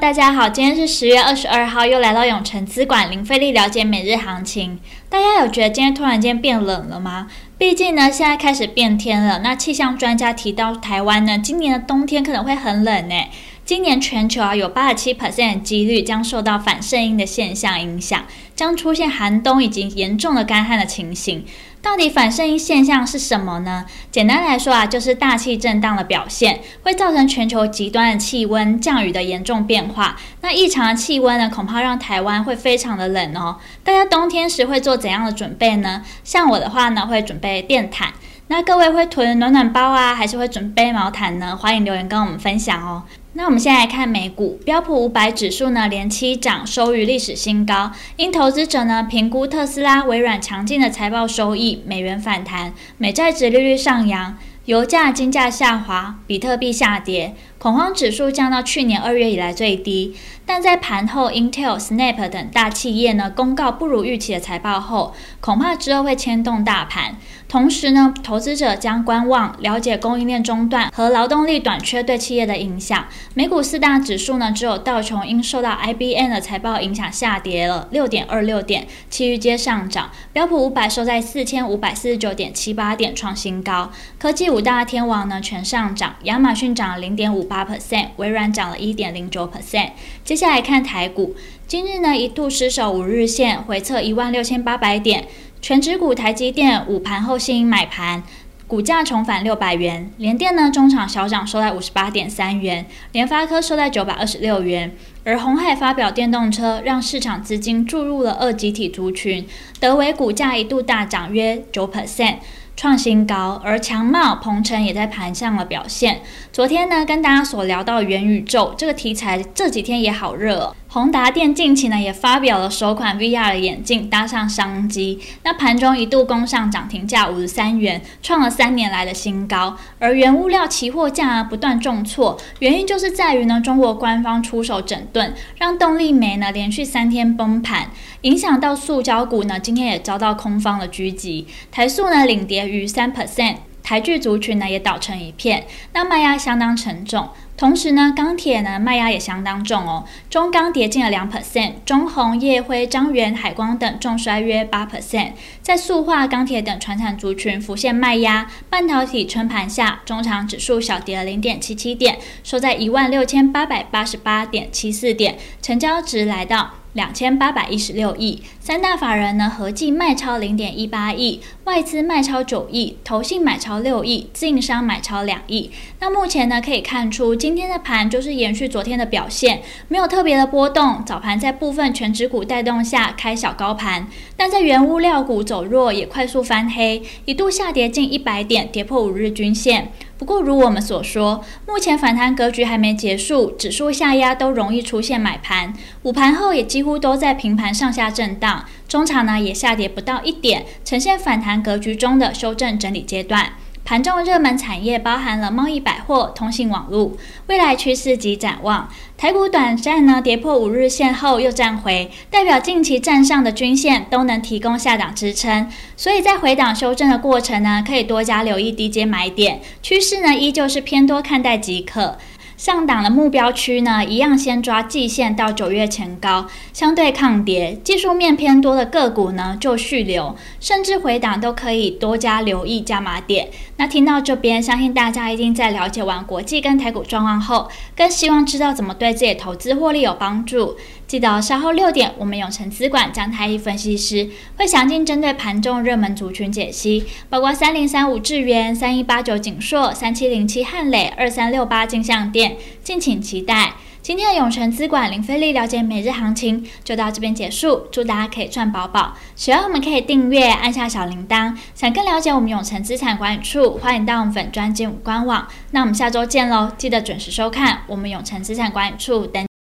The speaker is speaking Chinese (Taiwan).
大家好，今天是十月二十二號，又來到永城資管林飛利了解每日行情。大家有覺得今天突然間變冷了嗎？畢竟呢，現在開始變天了。那氣象專家提到，台灣呢今年的冬天可能會很冷耶。今年全球啊有八十七 percent 的幾率將受到反聖嬰的現象影響，將出現寒冬以及嚴重的乾旱的情形。到底反聖嬰現象是什麼呢？簡單來說啊，就是大氣震盪的表現，會造成全球極端的氣溫、降雨的嚴重變化。那異常的氣溫呢，恐怕讓台灣會非常的冷哦。大家冬天時會做怎樣的準備呢？像我的話呢，會準備電毯。那各位會囤暖暖包啊，還是會準備毛毯呢？歡迎留言跟我們分享哦。那我們先來看美股，標普五百指數呢連七漲，收於歷史新高。因投資者呢評估特斯拉、微軟強勁的財報收益，美元反彈，美債殖利率上揚，油價、金價下滑，比特幣下跌。恐慌指數降到去年二月以來最低，但在盤後，Intel、Snap 等大企業呢公告不如預期的財報後，恐怕之後會牽動大盤。同時呢，投資者將觀望了解供應鏈中斷和勞動力短缺對企業的影響。美股四大指數呢，只有道瓊因受到 IBM 的財報的影響下跌了六點二六點，其餘皆上漲。標普五百收在四千五百四十九點七八點，創新高。科技五大天王呢全上漲，亞馬遜漲了零點五。八 percent，微軟漲了一點零九 percent。接下來看台股，今日呢一度失守五日線，回測一萬六千八百點。權值股台積電午盤後吸引買盤，股價重返六百元。聯電呢終場小漲，收在五十八點三元。聯發科收在九百二十六元。而鴻海發表電動車，讓市場資金注入了二極體族群。德微股價一度大漲約九 percent。創新高，而強茂、鵬程也在盤上了表現。昨天呢，跟大家所聊到元宇宙這個題材，這幾天也好熱哦。宏達電近期呢也發表了首款 VR 的眼鏡，搭上商機。那盤中一度攻上漲停價五十三元，創了三年來的新高。而原物料期貨價不斷重挫，原因就是在於呢中國官方出手整頓，讓動力煤呢連續三天崩盤，影響到塑膠股呢今天也遭到空方的狙擊，台塑呢領跌逾三 percent。台聚族群呢也倒成一片，那賣壓相當沉重。同時呢，鋼鐵呢賣壓也相當重哦。中鋼跌近了兩 percent，中鴻、燁輝、彰源、海光等重挫約八 percent。在塑化、鋼鐵等傳產族群浮現賣壓，半導體撐盤下，終場指數小跌了零點七七點，收在一萬六千八百八十八點七四點，成交值來到，兩千八百一十六億，三大法人呢合計賣超零點一八億，外資賣超九億，投信買超六億，自營商買超兩億。那目前呢，可以看出今天的盤就是延續昨天的表現，沒有特別的波動。早盤在部分權值股帶動下開小高盤，但在原物料股走弱也快速翻黑，一度下跌近一百點，跌破五日均線。不過，如我們所說，目前反彈格局還沒結束，指數下壓都容易出現買盤，午盤後也幾乎都在平盤上下震盪，中場呢也下跌不到一點，呈現反彈格局中的修正整理階段。盤中熱門產業包含了貿易、百貨、通信、網絡。未來趨勢及展望，台股短暫呢跌破五日線後又站回，代表近期站上的均線都能提供下檔支撐，所以在回檔修正的過程呢，可以多加留意低階買點。趨勢呢依舊是偏多看待即可。上檔的目標區呢，一樣先抓季線到九月前高，相對抗跌，技術面偏多的個股呢，就續留，甚至回檔都可以多加留意加碼點。那聽到這邊，相信大家一定在了解完國際跟台股狀況後，更希望知道怎麼對自己的投資獲利有幫助。記得喔，稍後六點，我們永誠資管將太一分析師會詳盡針對盤中熱門族群解析，包括三零三五智原、三一八九景碩、三七零七漢磊、二三六八金像電，敬請期待。今天的永誠資管零費力了解每日行情就到這邊結束，祝大家可以賺飽飽，喜歡我們可以訂閱按下小鈴鐺，想更了解我們永誠資產管理處，歡迎到我們粉專及官網。那我們下周見嘍，記得準時收看我們永誠資產管理處等。